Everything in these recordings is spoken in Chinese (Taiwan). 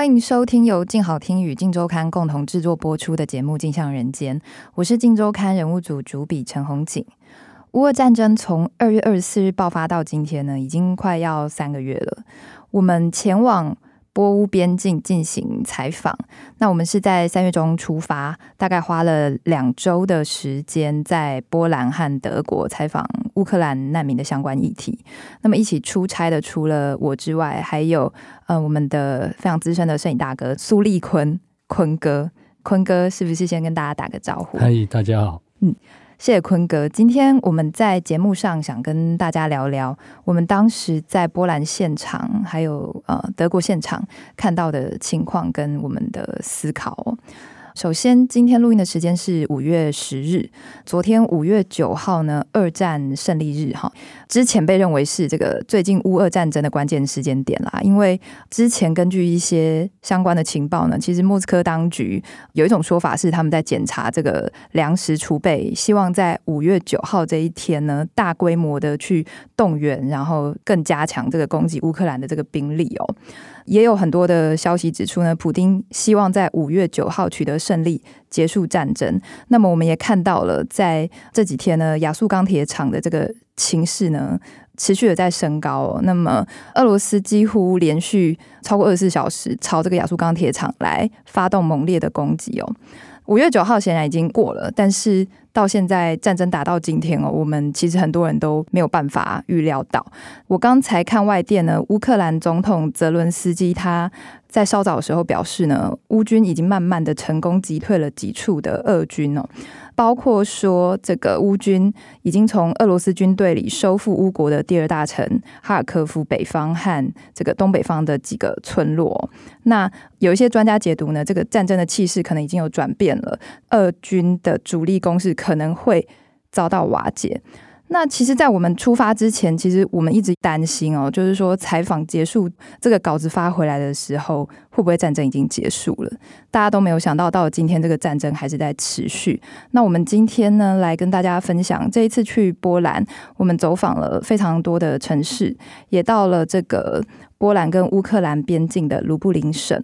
歡迎收聽，由靜好聽與靜周刊共同制作播出的節目《鏡像人間》，我是靜周刊人物組主筆陳紅錦。烏俄戰爭從二月二十四日爆發到今天呢，已經快要三個月了。我們前往，波烏邊境進行採訪，那我們是在三月中出發，大概花了兩週的時間在波蘭和德國採訪烏克蘭難民的相關議題。那麼一起出差的除了我之外，還有呃我們的非常資深的攝影大哥蘇立坤坤哥，坤哥是不是先跟大家打個招呼？嗨，大家好，嗯。謝謝坤哥。今天我們在節目上想跟大家聊聊，我們當時在波蘭現場，還有呃德國現場看到的情況跟我們的思考。首先，今天錄音的時間是五月十日。昨天五月九號呢，二戰勝利日哈，之前被認為是這個最近烏俄戰爭的關鍵時間點啦。因為之前根據一些相關的情報呢，其實莫斯科當局有一種說法是他們在檢查這個糧食儲備，希望在五月九號這一天呢，大規模的去動員，然後更加強這個攻擊烏克蘭的這個兵力哦、喔。也有很多的消息指出呢，普丁希望在五月九號取得。勝利結束戰爭，那麼我們也看到了，在這幾天呢，亞速鋼鐵廠的這個情勢呢，持續的在升高、哦。那麼，俄羅斯幾乎連續超過二十四小時朝這個亞速鋼鐵廠來發動猛烈的攻擊哦。五月九號顯然已經過了，但是到現在戰爭打到今天哦，我們其實很多人都沒有辦法預料到。我剛才看外電呢，烏克蘭總統澤倫斯基他。在稍早的時候表示呢，烏軍已經慢慢地成功擊退了幾處的俄軍哦，包括說這個烏軍已經從俄羅斯軍隊裡收復烏國的第二大城哈爾科夫北方和這個東北方的幾個村落。那有一些專家解讀呢，這個戰爭的氣勢可能已經有轉變了，俄軍的主力攻勢可能會遭到瓦解。那其實，在我們出發之前，其實我們一直擔心哦，就是說採訪結束，這個稿子發回來的時候，會不會戰爭已經結束了？大家都沒有想到，到今天，這個戰爭還是在持續。那我們今天呢，來跟大家分享這一次去波蘭，我們走訪了非常多的城市，也到了這個波蘭跟烏克蘭邊境的盧布林省。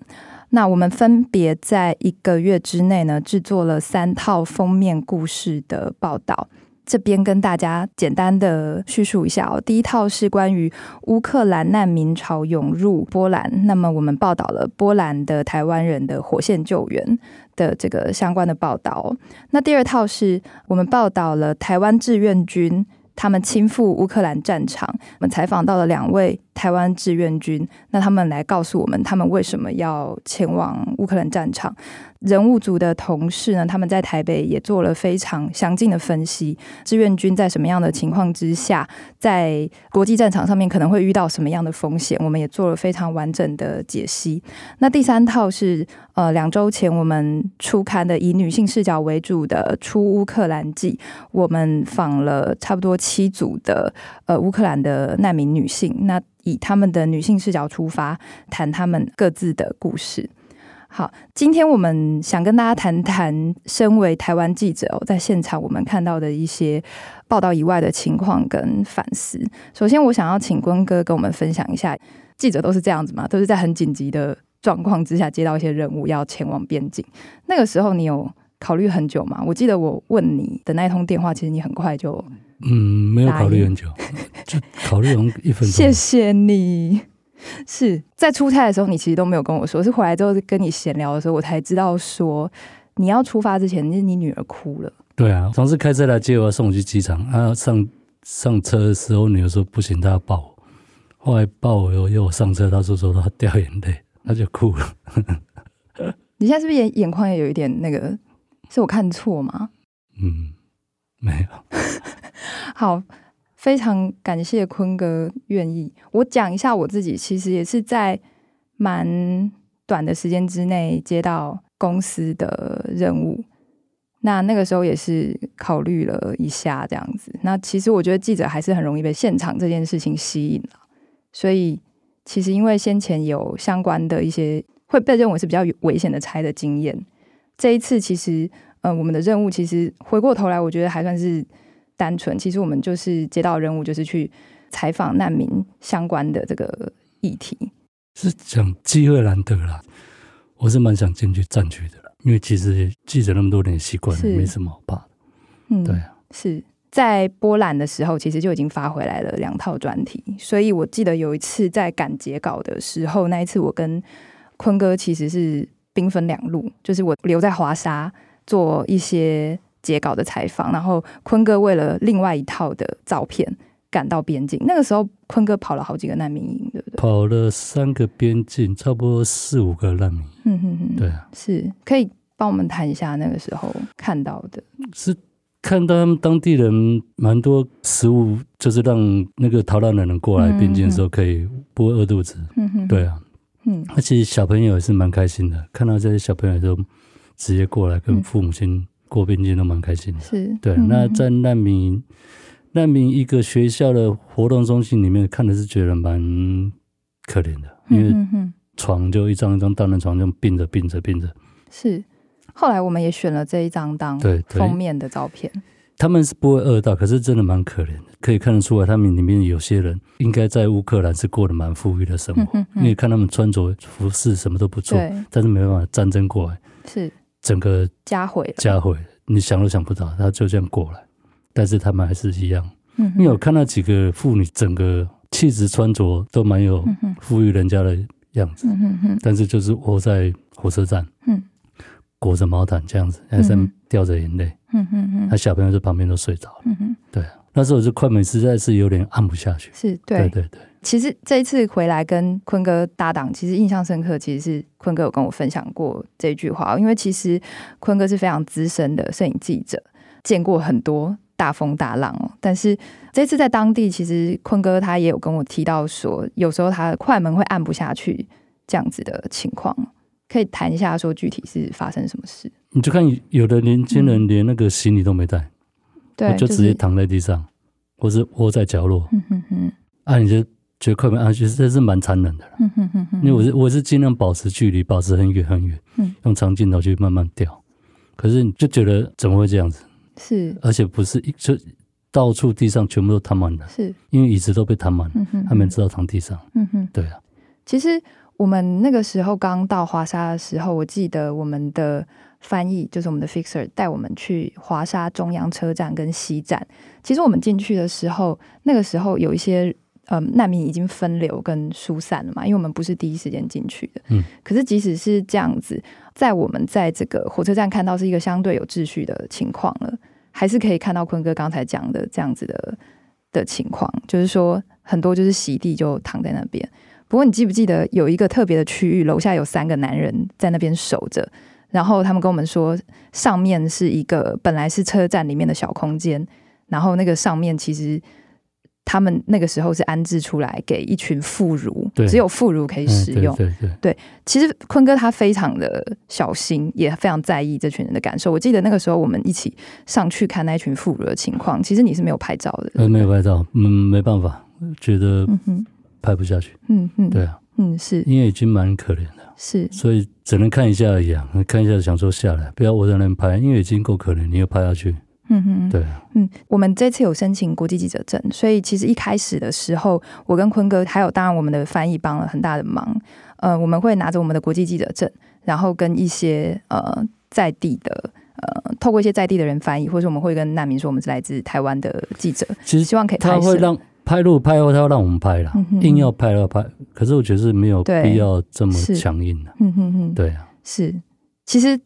那我們分別在一個月之內呢，製作了三套封面故事的報道。這邊跟大家簡單的敘述一下哦，第一套是關於烏克蘭難民潮湧入波蘭，那麼我們報道了波蘭的台灣人的火線救援的這個相關的報道。那第二套是我們報道了台灣志願軍他們親赴烏克蘭戰場，我們採訪到了兩位。台灣志願軍，那他們來告訴我們他們為什麼要前往烏克蘭戰場。人物組的同事呢，他們在台北也做了非常詳盡的分析，志願軍在什麼樣的情況之下，在國際戰場上面可能會遇到什麼樣的風險，我們也做了非常完整的解析。那第三套是呃兩週前我們出刊的以女性視角為主的《出烏克蘭記》，我們訪了差不多七組的呃烏克蘭的難民女性，那。以他們的女性視角出發，談他們各自的故事。好，今天我們想跟大家談談，身為台灣記者哦，在現場我們看到的一些報道以外的情況跟反思。首先，我想要請坤哥跟我們分享一下，記者都是這樣子嘛？都是在很緊急的狀況之下接到一些任務，要前往邊境。那個時候，你有考慮很久嘛？我記得我問你的那一通電話，其實你很快就嗯，沒有考慮很久， 就考慮用一分鐘。謝謝你。是在出差的時候，你其實都沒有跟我說，是回來之後跟你閒聊的時候，我才知道說你要出發之前，你你女兒哭了。對啊，同事開車來接我，送我去機場。啊，上上車的時候，女兒說不行，她要抱我。後來抱我，又又我上車，她就說她掉眼淚，她就哭了。 你現在是不是眼眼眶也有一點那個？是我看錯嗎？嗯，沒有。 好，非常感謝坤哥願意，我講一下我自己。其實也是在蠻短的時間之內接到公司的任務，那那個時候也是考慮了一下這樣子。那其實我覺得記者還是很容易被現場這件事情吸引，所以其實因為先前有相關的一些會被認為是比較危險的差的經驗。這一次其實，呃，我們的任務其實回過頭來，我覺得還算是單純。其實我們就是接到任務，就是去採訪難民相關的這個議題。是講機會難得啦，我是蠻想進去戰區的啦，因為其實記者那麼多年習慣了，是沒什麼好怕的。嗯，對啊，是在波蘭的時候，其實就已經發回來了兩套專題，所以我記得有一次在趕截稿的時候，那一次我跟坤哥其實是。兵分兩路，就是我留在華沙做一些截稿的採訪，然後坤哥為了另外一套的照片趕到邊境。那個時候，坤哥跑了好幾個難民營，對不對？跑了三個邊境，差不多四五個難民。嗯嗯，對啊。是可以幫我們談一下那個時候看到的，是看到他們當地人蠻多食物，就是讓那個逃難的人過來邊境的時候可以不會餓肚子。嗯哼哼，對啊。嗯，而且小朋友也是蠻開心的，看到這些小朋友也都直接過來跟父母親過邊境，都蠻開心的。是，對。嗯哼。那在難民難民一個學校的活動中心裡面，看的是覺得蠻可憐的，因為床就一張一張單人床，就併着併着併着。是，後來我們也選了這一張當封面的照片。他們是不會餓到，可是真的蠻可憐的，可以看得出來，他們裡面有些人應該在烏克蘭是過得蠻富裕的生活，你、嗯、看他們穿着服飾什麼都不錯，對但是沒辦法，戰爭過來是整個家毀了，家毀，你想都想不到，他就這樣過來，但是他們還是一樣，嗯、哼因為我看到幾個婦女，整個氣質穿着都蠻有富裕人家的樣子，嗯、哼哼但是就是窩在火車站，嗯、裹着毛毯這樣子，還是、嗯。掉着眼淚，嗯哼哼，他小朋友在旁邊都睡着了，嗯哼，對那時候這快門實在是有點按不下去，是，對，對對對。其實這一次回來跟坤哥搭檔，其實印象深刻，其實是坤哥有跟我分享過這句話，因為其實坤哥是非常資深的攝影記者，見過很多大風大浪哦。但是這次在當地，其實坤哥他也有跟我提到說，有時候他的快門會按不下去這樣子的情況。可以談一下，說具體是發生什麼事？你就看有的年輕人連那個行李都沒帶，對，就直接躺在地上，或是窩在角落。嗯嗯哼，啊，你就覺得快門啊其實，這是蠻殘忍的了。嗯哼哼哼，因為我是我是盡量保持距離，保持很遠很遠，用長鏡頭去慢慢調。可是你就覺得怎麼會這樣子？是，而且不是一直就到處地上全部都躺滿了，是，因為椅子都被躺滿了，他們知道躺地上。嗯哼，對啊，其實。我們那個時候剛到華沙的時候，我記得我們的翻譯就是我們的 fixer 帶我們去華沙中央車站跟西站。其實我們進去的時候，那個時候有一些呃難民已經分流跟疏散了嘛，因為我們不是第一時間進去的。嗯。可是即使是這樣子，在我們在這個火車站看到是一個相對有秩序的情況了，還是可以看到坤哥剛才講的這樣子的的情況，就是說很多就是席地就躺在那邊。不過你記不記得有一個特別的區域，樓下有三個男人在那邊守着，然後他們跟我們說，上面是一個本來是車站裡面的小空間，然後那個上面其實他們那個時候是安置出來給一群婦孺，對只有婦孺可以使用。嗯、對，對，對，對，其實坤哥他非常的小心，也非常在意這群人的感受。我記得那個時候我們一起上去看那群婦孺的情況，其實你是沒有拍照的，呃、沒有拍照，嗯，沒辦法，覺得，嗯拍不下去，嗯嗯哼，對啊，嗯是，因為已經蠻可憐的，是，所以只能看一下而已啊，看一下想說下來，不要我在那邊拍，因為已經夠可憐，你又拍下去，嗯哼，對啊，嗯，我們這次有申請國際記者證，所以其實一開始的時候，我跟坤哥，還有當然我們的翻譯幫了很大的忙，呃，我們會拿着我們的國際記者證，然後跟一些呃在地的，呃，透過一些在地的人翻譯，或者我們會跟難民說，我們是來自台灣的記者，其實希望可以，他會讓。拍路拍後，他要讓我們拍了，嗯嗯，硬要拍要拍。可是我覺得是沒有必要這麼強硬的啊。對，嗯嗯，對啊，是。其實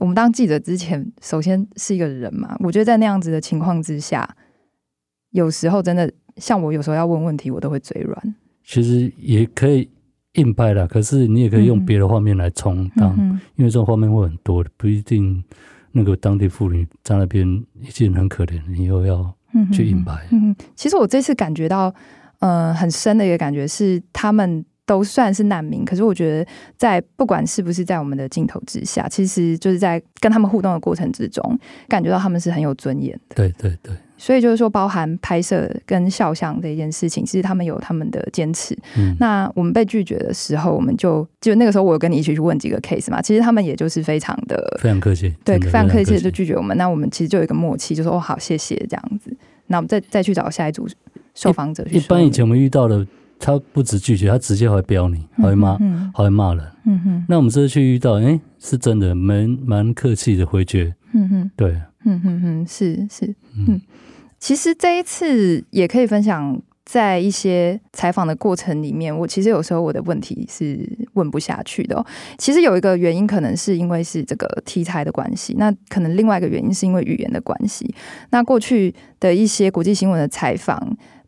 我們當記者之前，首先是一個人嘛。我覺得在那樣子的情況之下，有時候真的像我有時候要問問題，我都會嘴軟。其實也可以硬拍了，可是你也可以用別的畫面來充當，嗯哼嗯哼，因為這種畫面會很多的，不一定那個當地婦女在那邊已經很可憐，你又要。去硬拍，嗯。嗯，其實我這次感覺到，呃，很深的一個感覺是，他們都算是難民，可是我覺得在不管是不是在我們的鏡頭之下，其實就是在跟他們互動的過程之中，感覺到他們是很有尊嚴的。對對對。所以就是說，包含拍攝跟肖像這一件事情，其實他們有他們的堅持。嗯。那我們被拒絕的時候，我們就就那個時候我有跟你一起去問幾個 case 嘛，其實他們也就是非常的非常客氣，對，非常客氣的就拒絕我們。那我們其實就有一個默契，就說哦，好，謝謝這樣子。那我們再再去找下一組受訪者去。一般以前我們遇到的，他不止拒絕，他直接還會飆你，還會、嗯、罵，還會、嗯、哼罵人。嗯、哼那我們這次去遇到，哎、欸，是真的蠻蠻客氣的回絕。嗯哼對。嗯是是。是嗯，嗯其實這一次也可以分享。在一些採訪的過程裡面，我其實有時候我的問題是問不下去的喔。其實有一個原因，可能是因為是這個題材的關係；那可能另外一個原因，是因為語言的關係。那過去的一些國際新聞的採訪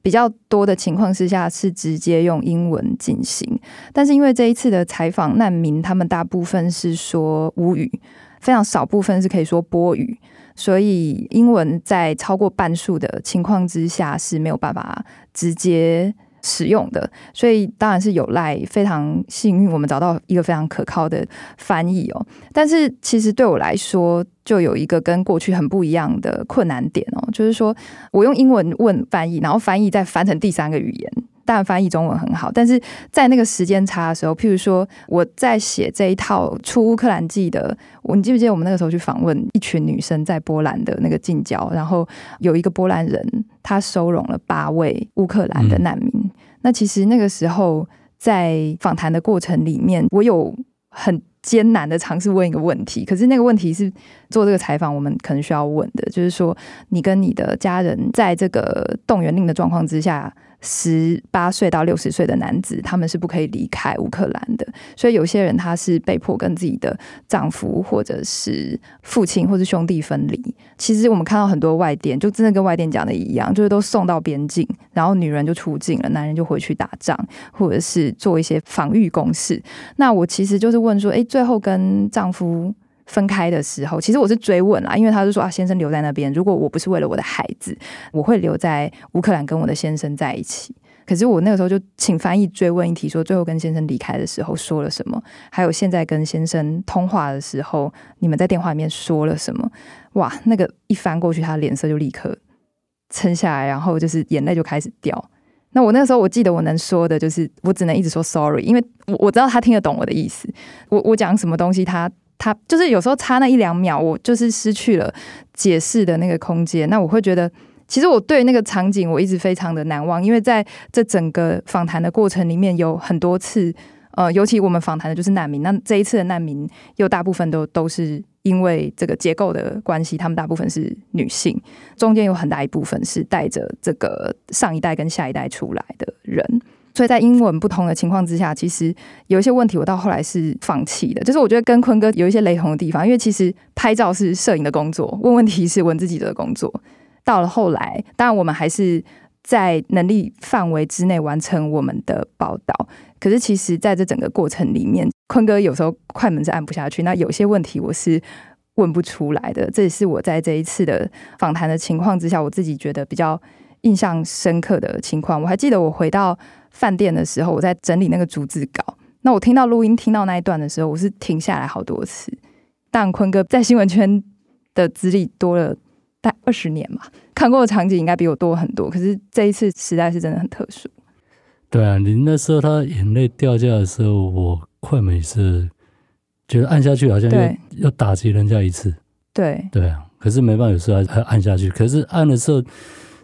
比較多的情況之下，是直接用英文進行。但是因為這一次的採訪，難民他們大部分是說烏語，非常少部分是可以說波語。所以英文在超過半數的情況之下是沒有辦法直接使用的，所以當然是有賴非常幸運，我們找到一個非常可靠的翻譯哦。但是其實對我來說，就有一個跟過去很不一樣的困難點哦，就是說我用英文問翻譯，然後翻譯再翻成第三個語言。但翻譯中文很好，但是在那個時間差的時候，譬如說我在寫這一套出烏克蘭記的，我你記不記得我們那個時候去訪問一群女生在波蘭的那個近郊，然後有一個波蘭人，他收容了八位烏克蘭的難民。嗯、那其實那個時候在訪談的過程裡面，我有很艱難的嘗試問一個問題，可是那個問題是做這個採訪我們可能需要問的，就是說你跟你的家人在這個動員令的狀況之下。十八歲到六十歲的男子，他們是不可以離開烏克蘭的。所以有些人他是被迫跟自己的丈夫，或者是父親，或是兄弟分離。其實我們看到很多外電，就真的跟外電講的一樣，就是都送到邊境，然後女人就出境了，男人就回去打仗，或者是做一些防禦工事。那我其實就是問說，哎，最後跟丈夫。分開的時候，其實我是追問啦，因為他就說啊，先生留在那邊。如果我不是為了我的孩子，我會留在烏克蘭跟我的先生在一起。可是我那個時候就請翻譯追問一題說，說最後跟先生離開的時候說了什麼，還有現在跟先生通話的時候，你們在電話裡面說了什麼？哇，那個一翻過去，他臉色就立刻沉下來，然後就是眼淚就開始掉。那我那個時候我記得我能說的就是，我只能一直說 sorry，因為我我知道他聽得懂我的意思。我我講什麼東西他。他就是有時候差那一兩秒，我就是失去了解釋的那個空間。那我會覺得，其實我對那個場景我一直非常的難忘，因為在這整個訪談的過程裡面有很多次，呃，尤其我們訪談的就是難民。那這一次的難民又大部分都都是因為這個結構的關係，他們大部分是女性，中間有很大一部分是帶着這個上一代跟下一代出來的人。所以在英文不同的情況之下，其實有一些問題我到後來是放棄的。就是我覺得跟坤哥有一些雷同的地方，因為其實拍照是攝影的工作，問問題是問自己的工作。到了後來，當然我們還是在能力範圍之內完成我們的報道。可是其實在這整個過程裡面，坤哥有時候快門是按不下去，那有些問題我是問不出來的。這也是我在這一次的訪談的情況之下，我自己覺得比較印象深刻的情況。我還記得我回到。飯店的時候，我在整理那個逐字稿。那我聽到錄音，聽到那一段的時候，我是停下來好多次。但坤哥在新聞圈的資歷多了，大概二十年嘛，看過的場景應該比我多很多。可是這一次實在是真的很特殊。對啊，你那時候他眼淚掉下來的時候，我快門也是，覺得按下去好像又對打擊人家一次。對對啊，可是沒辦法，有時候還還按下去。可是按的時候，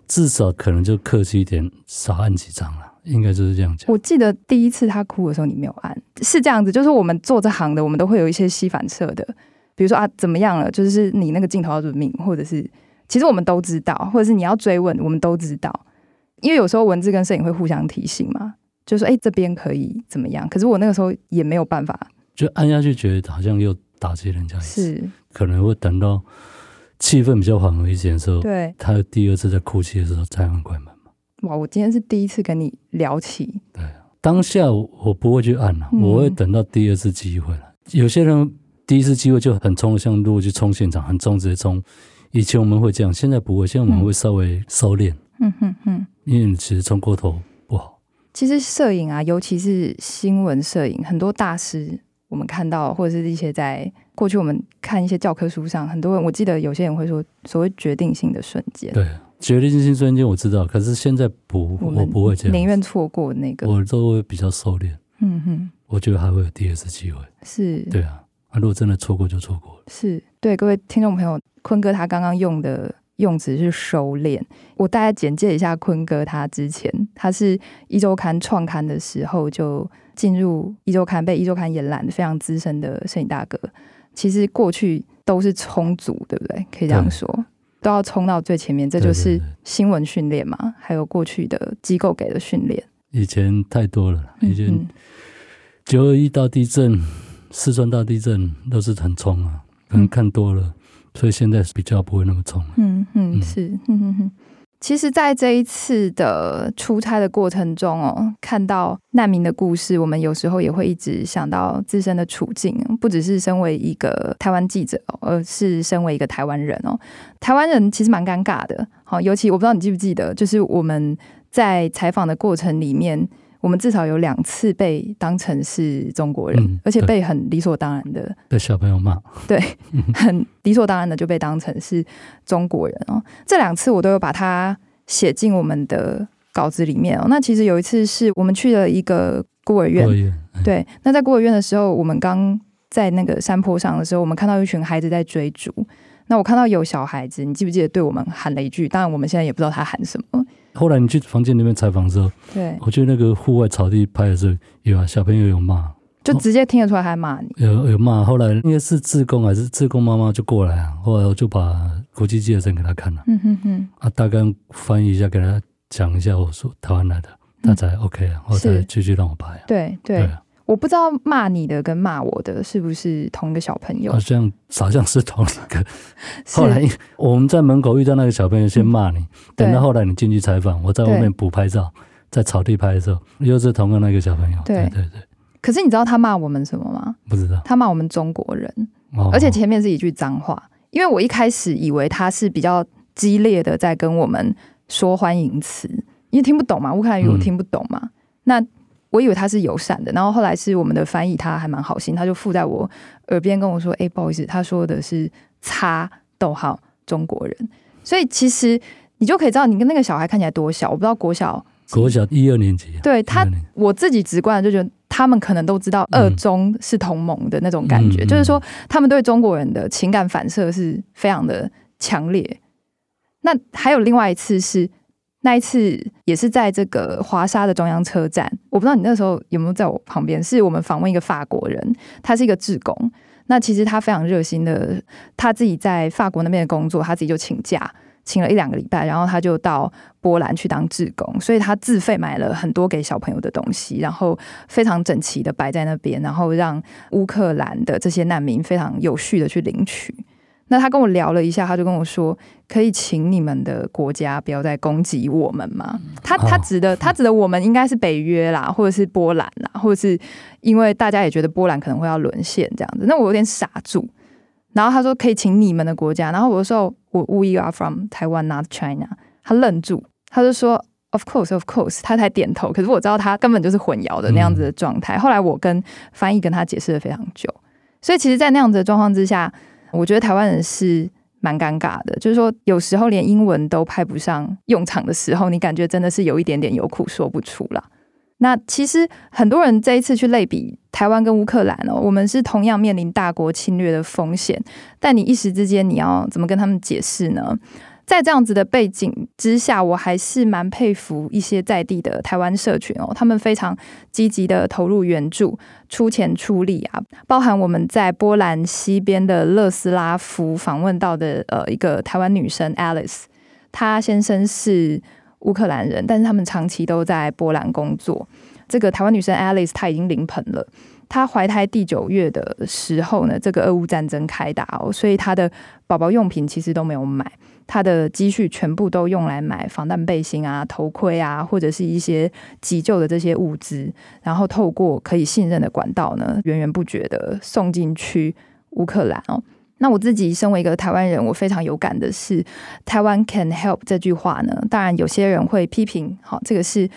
至少可能就客氣一點，少按幾張了，啊。應該就是這樣講。我記得第一次他哭的時候，你沒有按，是這樣子。就是我們做這行的，我們都會有一些膝反射的，比如說啊，怎麼樣了？就是你那個鏡頭要怎麼命，或者是其實我們都知道，或者是你要追問，我們都知道。因為有時候文字跟攝影會互相提醒嘛，就說哎、欸，這邊可以怎麼樣？可是我那個時候也沒有辦法，就按下去，覺得好像又打擊人家一次，是可能會等到氣氛比較緩和一些的時候，對，他第二次在哭泣的時候再按快門。哇，我今天是第一次跟你聊起。對，當下我，我不會去按了，嗯、我會等到第二次機會。有些人第一次機會就很衝，像如果去衝現場很衝，直接衝。以前我們會這樣，現在不會，現在我們會稍微收斂。嗯哼哼，因為你其實衝過頭不好。嗯、哼哼，其實攝影啊，尤其是新聞攝影，很多大師我們看到，或者是一些在過去我們看一些教科書上，很多人我記得有些人會說，所謂決定性的瞬間。對。決定性瞬間，我知道。可是現在不，我不會這樣，寧願錯過那個。我都比較收斂。嗯哼，我覺得還會有第二次機會。是，對啊。如果真的錯過，就錯過了。是。對，各位聽眾朋友，坤哥他剛剛用的用詞是收斂。我大概簡介一下坤哥他之前，他是一週刊創刊的時候就進入一週刊，被一週刊延攬非常資深的攝影大哥。其實過去都是充足，對不對？可以這樣說。都要衝到最前面，這就是新聞訓練嘛？對對對，還有過去的機構給的訓練，以前太多了。以前九二一大地震、嗯嗯、四川大地震都是很衝啊，可能看多了，嗯、所以現在比較不會那麼衝、啊。嗯嗯，是。嗯 其實，在這一次的出差的過程中哦，看到難民的故事，我們有時候也會一直想到自身的處境，不只是身為一個台灣記者，而是身為一個台灣人哦。台灣人其實蠻尷尬的，好，尤其我不知道你記不記得，就是我們在採訪的過程裡面。我們至少有兩次被當成是中國人，嗯、而且被很理所當然的對對被小朋友罵，對， 很理所當然的就被當成是中國人哦。這兩次我都有把它寫進我們的稿子裡面哦。那其實有一次是我們去了一個孤兒院，孤兒院，對，嗯、那在孤兒院的時候，我們剛在那個山坡上的時候，我們看到一群孩子在追逐。那我看到有小孩子，你記不記得對我們喊了一句？當然我們現在也不知道他喊什麼。後來你去房間那邊採訪的時候，對，我去那個戶外草地拍的時候，有啊，小朋友有罵，就直接聽得出來還罵你，哦、有有罵。後來應該是志工還是志工媽媽就過來啊，後來我就把國際記者證給他看了，嗯哼哼，啊，大概翻譯一下給他講一下，一下我說台灣來的，他才 OK 啊，後來繼續讓我拍、啊，對對。對我不知道罵你的跟罵我的是不是同一個小朋友？好、啊、像，好像是同一個。 是後來我們在門口遇到那個小朋友，先罵你，嗯、等到後來你進去採訪，我在外面補拍照，對在草地拍的時候，又是同個那個小朋友。對，對對對。可是你知道他罵我們什麼嗎？不知道。他罵我們中國人，哦哦，而且前面是一句髒話。因為我一開始以為他是比較激烈的在跟我們說歡迎詞，因為聽不懂嘛，烏克蘭語我聽不懂嘛。嗯、那。我以為他是友善的，然後後來是我們的翻譯，他還蠻好心，他就附在我耳邊跟我說：“哎、欸，不好意思，他說的是‘叉’，逗號中國人。”所以其實你就可以知道，你跟那個小孩看起來多小，我不知道國小，國小一二年級、啊。對他，我自己直觀的就覺得，他們可能都知道俄中是同盟的那種感覺，嗯、就是說他們對中國人的情感反射是非常的強烈。那還有另外一次是。那一次也是在這個華沙的中央車站，我不知道你那時候有沒有在我旁邊。是我們訪問一個法國人，他是一個志工。那其實他非常熱心的，他自己在法國那邊的工作，他自己就請假，請了一兩個禮拜，然後他就到波蘭去當志工，所以他自費買了很多給小朋友的東西，然後非常整齊的擺在那邊，然後讓烏克蘭的這些難民非常有序的去領取。那他跟我聊了一下，他就跟我說：“可以請你們的國家不要再攻擊我們嗎？”嗯、他他指的、嗯、他指的我們應該是北約啦，或者是波蘭啦，或者是因為大家也覺得波蘭可能會要淪陷這樣子。那我有點傻住，然後他說：“可以請你們的國家。”然後我說：“We are from 台灣，not China。”他愣住，他就說：“Of course, of course。”他才點頭。可是我知道他根本就是混淆的那樣子的狀態。嗯、後來我跟翻譯跟他解釋了非常久，所以其實，在那樣子的狀況之下。我覺得台灣人是蠻尷尬的，就是說有時候連英文都派不上用場的時候，你感覺真的是有一點點有苦說不出了。那其實很多人這一次去類比台灣跟烏克蘭哦，我們是同樣面臨大國侵略的風險，但你一時之間你要怎麼跟他們解釋呢？在這樣子的背景之下，我還是蠻佩服一些在地的台灣社群哦，他們非常積極的投入援助、出錢出力啊。包含我們在波蘭西邊的勒斯拉夫訪問到的呃一個台灣女生 Alice，她先生是烏克蘭人，但是他們長期都在波蘭工作。這個台灣女生 Alice 她已經臨盆了，她懷胎第九月的時候呢，這個俄烏戰爭開打哦，所以她的寶寶用品其實都沒有買。他的積蓄全部都用來買防彈背心啊、頭盔啊，或者是一些急救的這些物資，然後透過可以信任的管道呢，源源不絕地送進去烏克蘭哦。那我自己身為一個台灣人，我非常有感的是“台灣 can help” 這句話呢。當然，有些人會批評，好、哦，這個是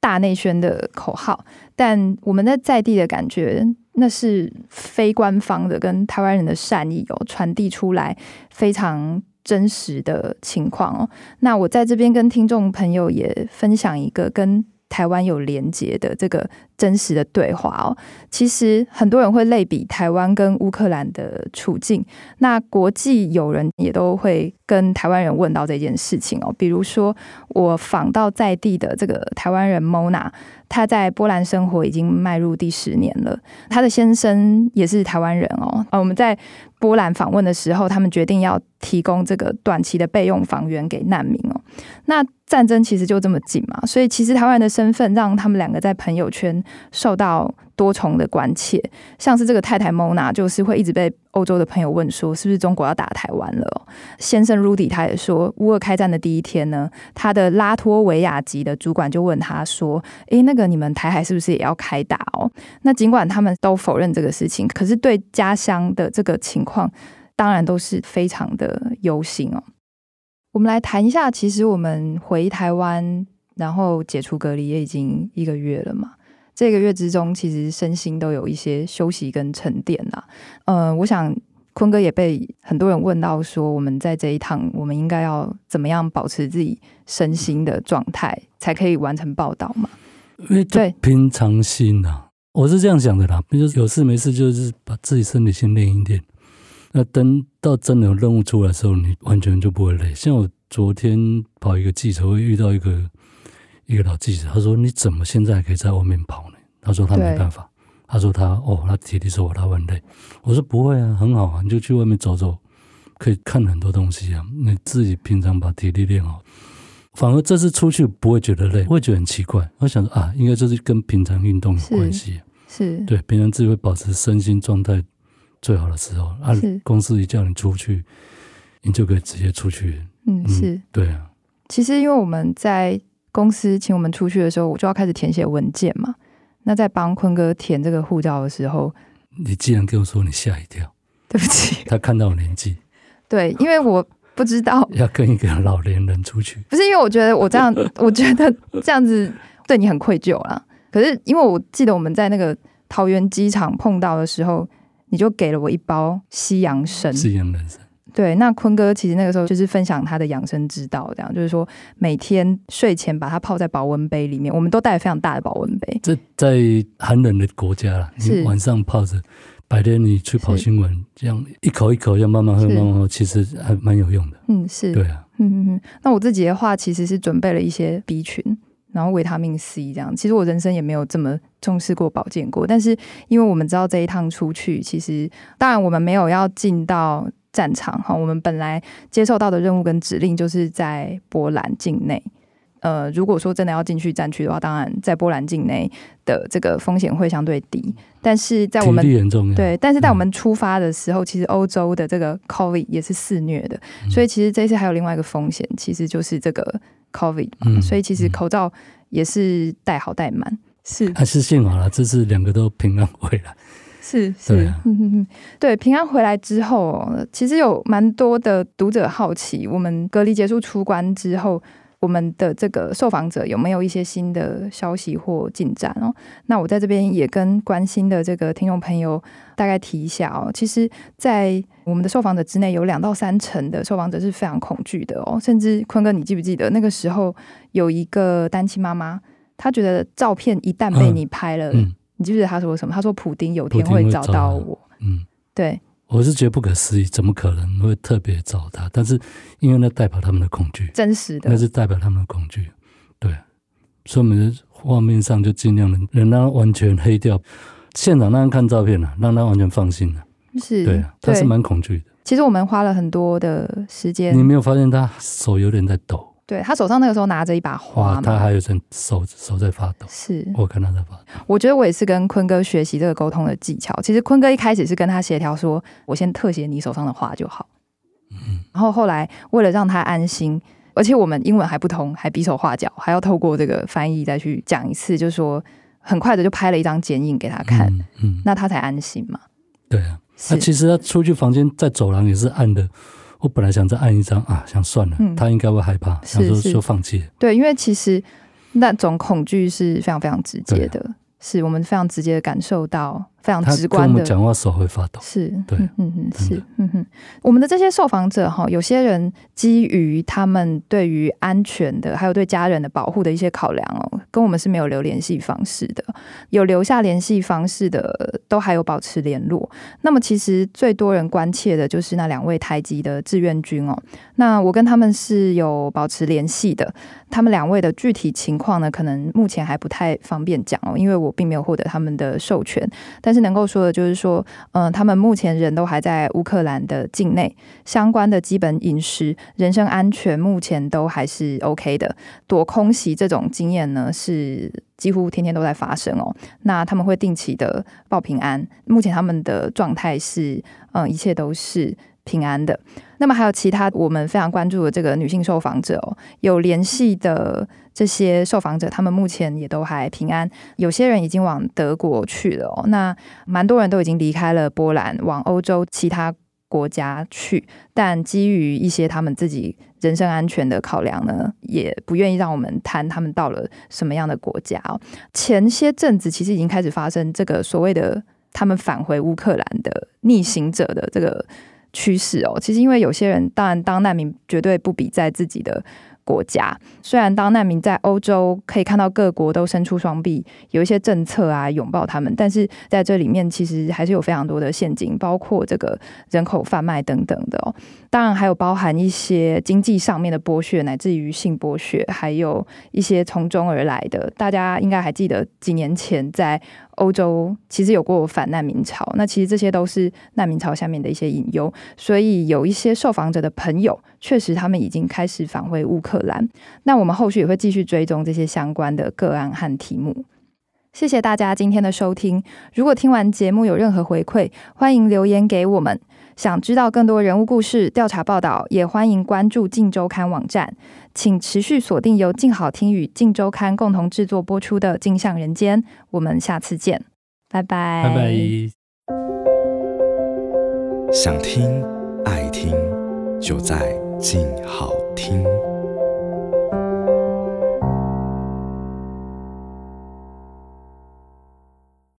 大內宣的口號，但我們在在地的感覺，那是非官方的，跟台灣人的善意哦傳遞出來，非常。真實的情況哦，那我在這邊跟聽眾朋友也分享一個跟台灣有連接的這個真實的對話哦。其實很多人會類比台灣跟烏克蘭的處境，那國際友人也都會跟台灣人問到這件事情哦。比如說我訪到在地的這個台灣人 Mona，她在波蘭生活已經邁入第十年了，她的先生也是台灣人哦。啊，我們在。波蘭訪問的時候，他們決定要提供這個短期的備用房源給難民哦。那戰爭其實就這麼近嘛，所以其實台灣人的身份讓他們兩個在朋友圈受到多重的關切，像是這個太太蒙娜，就是會一直被歐洲的朋友問說，是不是中國要打台灣了、哦？先生 Rudy 他也說，烏俄開戰的第一天呢，他的拉脫維亞籍的主管就問他說，誒、欸，那個你們台海是不是也要開打哦？那盡管他們都否認這個事情，可是對家鄉的這個情況，當然都是非常的憂心哦。我們來談一下，其實我們回台灣，然後解除隔離也已經一個月了嘛。這個月之中，其實身心都有一些休息跟沉澱吶、啊。嗯，我想坤哥也被很多人問到說，我們在這一趟，我們應該要怎麼樣保持自己身心的狀態，才可以完成報道嘛？因為平常心吶、啊，對我是這樣想的啦，就是有事沒事，就是把自己身體先練一點。那等到真的有任務出來的時候，你完全就不會累。像我昨天跑一個記者，會遇到一個一個老記者，他說：“你怎麼現在還可以在外面跑呢？”他說：“他沒辦法。對”他說他：“他哦，他體力說我，他很累。”我說：“不會啊，很好啊，你就去外面走走，可以看很多東西啊。你自己平常把體力練好，反而這次出去不會覺得累，我會覺得很奇怪。我想說啊，應該就是跟平常運動有關係、啊，是對平常自己會保持身心狀態。”最好的時候，那、啊、是公司一叫你出去，你就可以直接出去。嗯，嗯，是對啊。其實因為我們在公司請我們出去的時候，我就要開始填寫文件嘛。那在幫坤哥填這個護照的時候，你竟然跟我說你嚇一跳，對不起，他看到我年紀。 對，因為我不知道 要跟一個老年人出去，不是因為我覺得我這樣，我覺得這樣子對你很愧疚啦。可是因為我記得我們在那個桃園機場碰到的時候。你就給了我一包西洋參，西洋人參。對，那坤哥其實那個時候就是分享他的養生之道，這樣就是說每天睡前把它泡在保溫杯裡面，我們都帶了非常大的保溫杯。這在寒冷的國家了，是你晚上泡着，白天你去跑新聞，是這樣一口一口這樣慢慢喝，慢慢喝，其實還蠻有用的。嗯，是對啊。嗯嗯嗯，那我自己的話其實是準備了一些 B 群。然後維他命 C 這樣，其實我人生也沒有這麼重視過保健過。但是因為我們知道這一趟出去，其實當然我們沒有要進到戰場哈。我們本來接受到的任務跟指令就是在波蘭境內。呃，如果說真的要進去戰區的話，當然在波蘭境內的這個風險會相對低，但是在我們對，但是在我們出發的時候，嗯、其實歐洲的這個 COVID 也是肆虐的，所以其實這次還有另外一個風險，其實就是這個。COVID 嗯，所以其實口罩也是戴好戴滿，嗯、是還、啊、是幸好啦。這次兩個都平安回來，是、是，嗯嗯、啊， 對，平安回來之後，其實有蠻多的讀者好奇，我們隔離結束出關之後。我們的這個受訪者有沒有一些新的消息或進展哦？那我在這邊也跟關心的這個聽眾朋友大概提一下哦。其實，在我們的受訪者之內，有兩到三成的受訪者是非常恐懼的哦。甚至坤哥，你記不記得那個時候有一個單親媽媽，她覺得照片一旦被你拍了，嗯嗯、你記不記得她說什麼？她說：“普丁有天會找到我。到”嗯，對。我是覺得不可思議，怎麼可能會特別找他？但是，因為那代表他們的恐懼，真實的，那是代表他們的恐懼，對，所以我們的畫面上就盡量能讓他完全黑掉。現場讓人看照片呢、啊，讓他完全放心了、啊。是，對，他是蠻恐懼的。其實我們花了很多的時間，你有沒有發現他手有點在抖。對，他手上那個時候拿着一把花，哇，他還有手手在發抖，是我看到在發抖。我覺得我也是跟坤哥學習這個溝通的技巧。其實坤哥一開始是跟他協調說，說我先特寫你手上的花就好，嗯，然後後來為了讓他安心，而且我們英文還不通，還比手畫腳，還要透過這個翻譯再去講一次，就說很快的就拍了一張剪影，給他看，嗯，嗯，那他才安心嘛。對啊，那是、啊、其實他出去房間在走廊也是暗的。我本來想再按一張啊，想算了，嗯，他應該會害怕，是是，想說就放棄。對，因為其實那種恐懼是非常非常直接的，對是我們非常直接的感受到。非常直觀的，講話手會發抖。是對，嗯嗯是，真的是，嗯哼。我們的這些受訪者哈，有些人基於他們對於安全的，還有對家人的保護的一些考量哦，跟我們是沒有留聯繫方式的。有留下聯繫方式的，都還有保持聯絡。那麼其實最多人關切的就是那兩位台籍的志願軍哦。那我跟他們是有保持聯繫的。他們兩位的具體情況呢，可能目前還不太方便講哦，因為我並沒有獲得他們的授權。但是能夠說的就是說，嗯，他們目前人都還在烏克蘭的境內，相關的基本飲食、人身安全目前都還是 OK 的。躲空襲這種經驗呢，是幾乎天天都在發生哦。那他們會定期的報平安，目前他們的狀態是，嗯，一切都是平安的。那麼還有其他我們非常關注的這個女性受訪者哦，有聯繫的這些受訪者，他們目前也都還平安。有些人已經往德國去了哦，那蠻多人都已經離開了波蘭，往歐洲其他國家去。但基於一些他們自己人身安全的考量呢，也不願意讓我們談他們到了什麼樣的國家哦。前些陣子其實已經開始發生這個所謂的他們返回烏克蘭的逆行者的這個。趨勢哦，其實因為有些人，當然當難民絕對不比在自己的國家。雖然當難民在歐洲可以看到各國都伸出雙臂，有一些政策啊擁抱他們，但是在這裡面其實還是有非常多的陷阱，包括這個人口販賣等等的哦。當然還有包含一些經濟上面的剝削，乃至於性剝削，還有一些從中而來的。大家應該還記得幾年前在。歐洲其實有過反難民潮，那其實這些都是難民潮下面的一些隱憂，所以有一些受訪者的朋友，確實他們已經開始返回烏克蘭。那我們後續也會繼續追蹤這些相關的個案和題目。謝謝大家今天的收聽。如果聽完節目有任何回饋，歡迎留言給我們。想知道更多人物故事、調查報道，也歡迎關注《鏡週刊》網站。請持續鎖定由《鏡好聽》與《鏡週刊》共同制作播出的《鏡像人間》，我們下次見，bye bye 拜拜。拜拜。想聽愛聽，就在《鏡好聽》。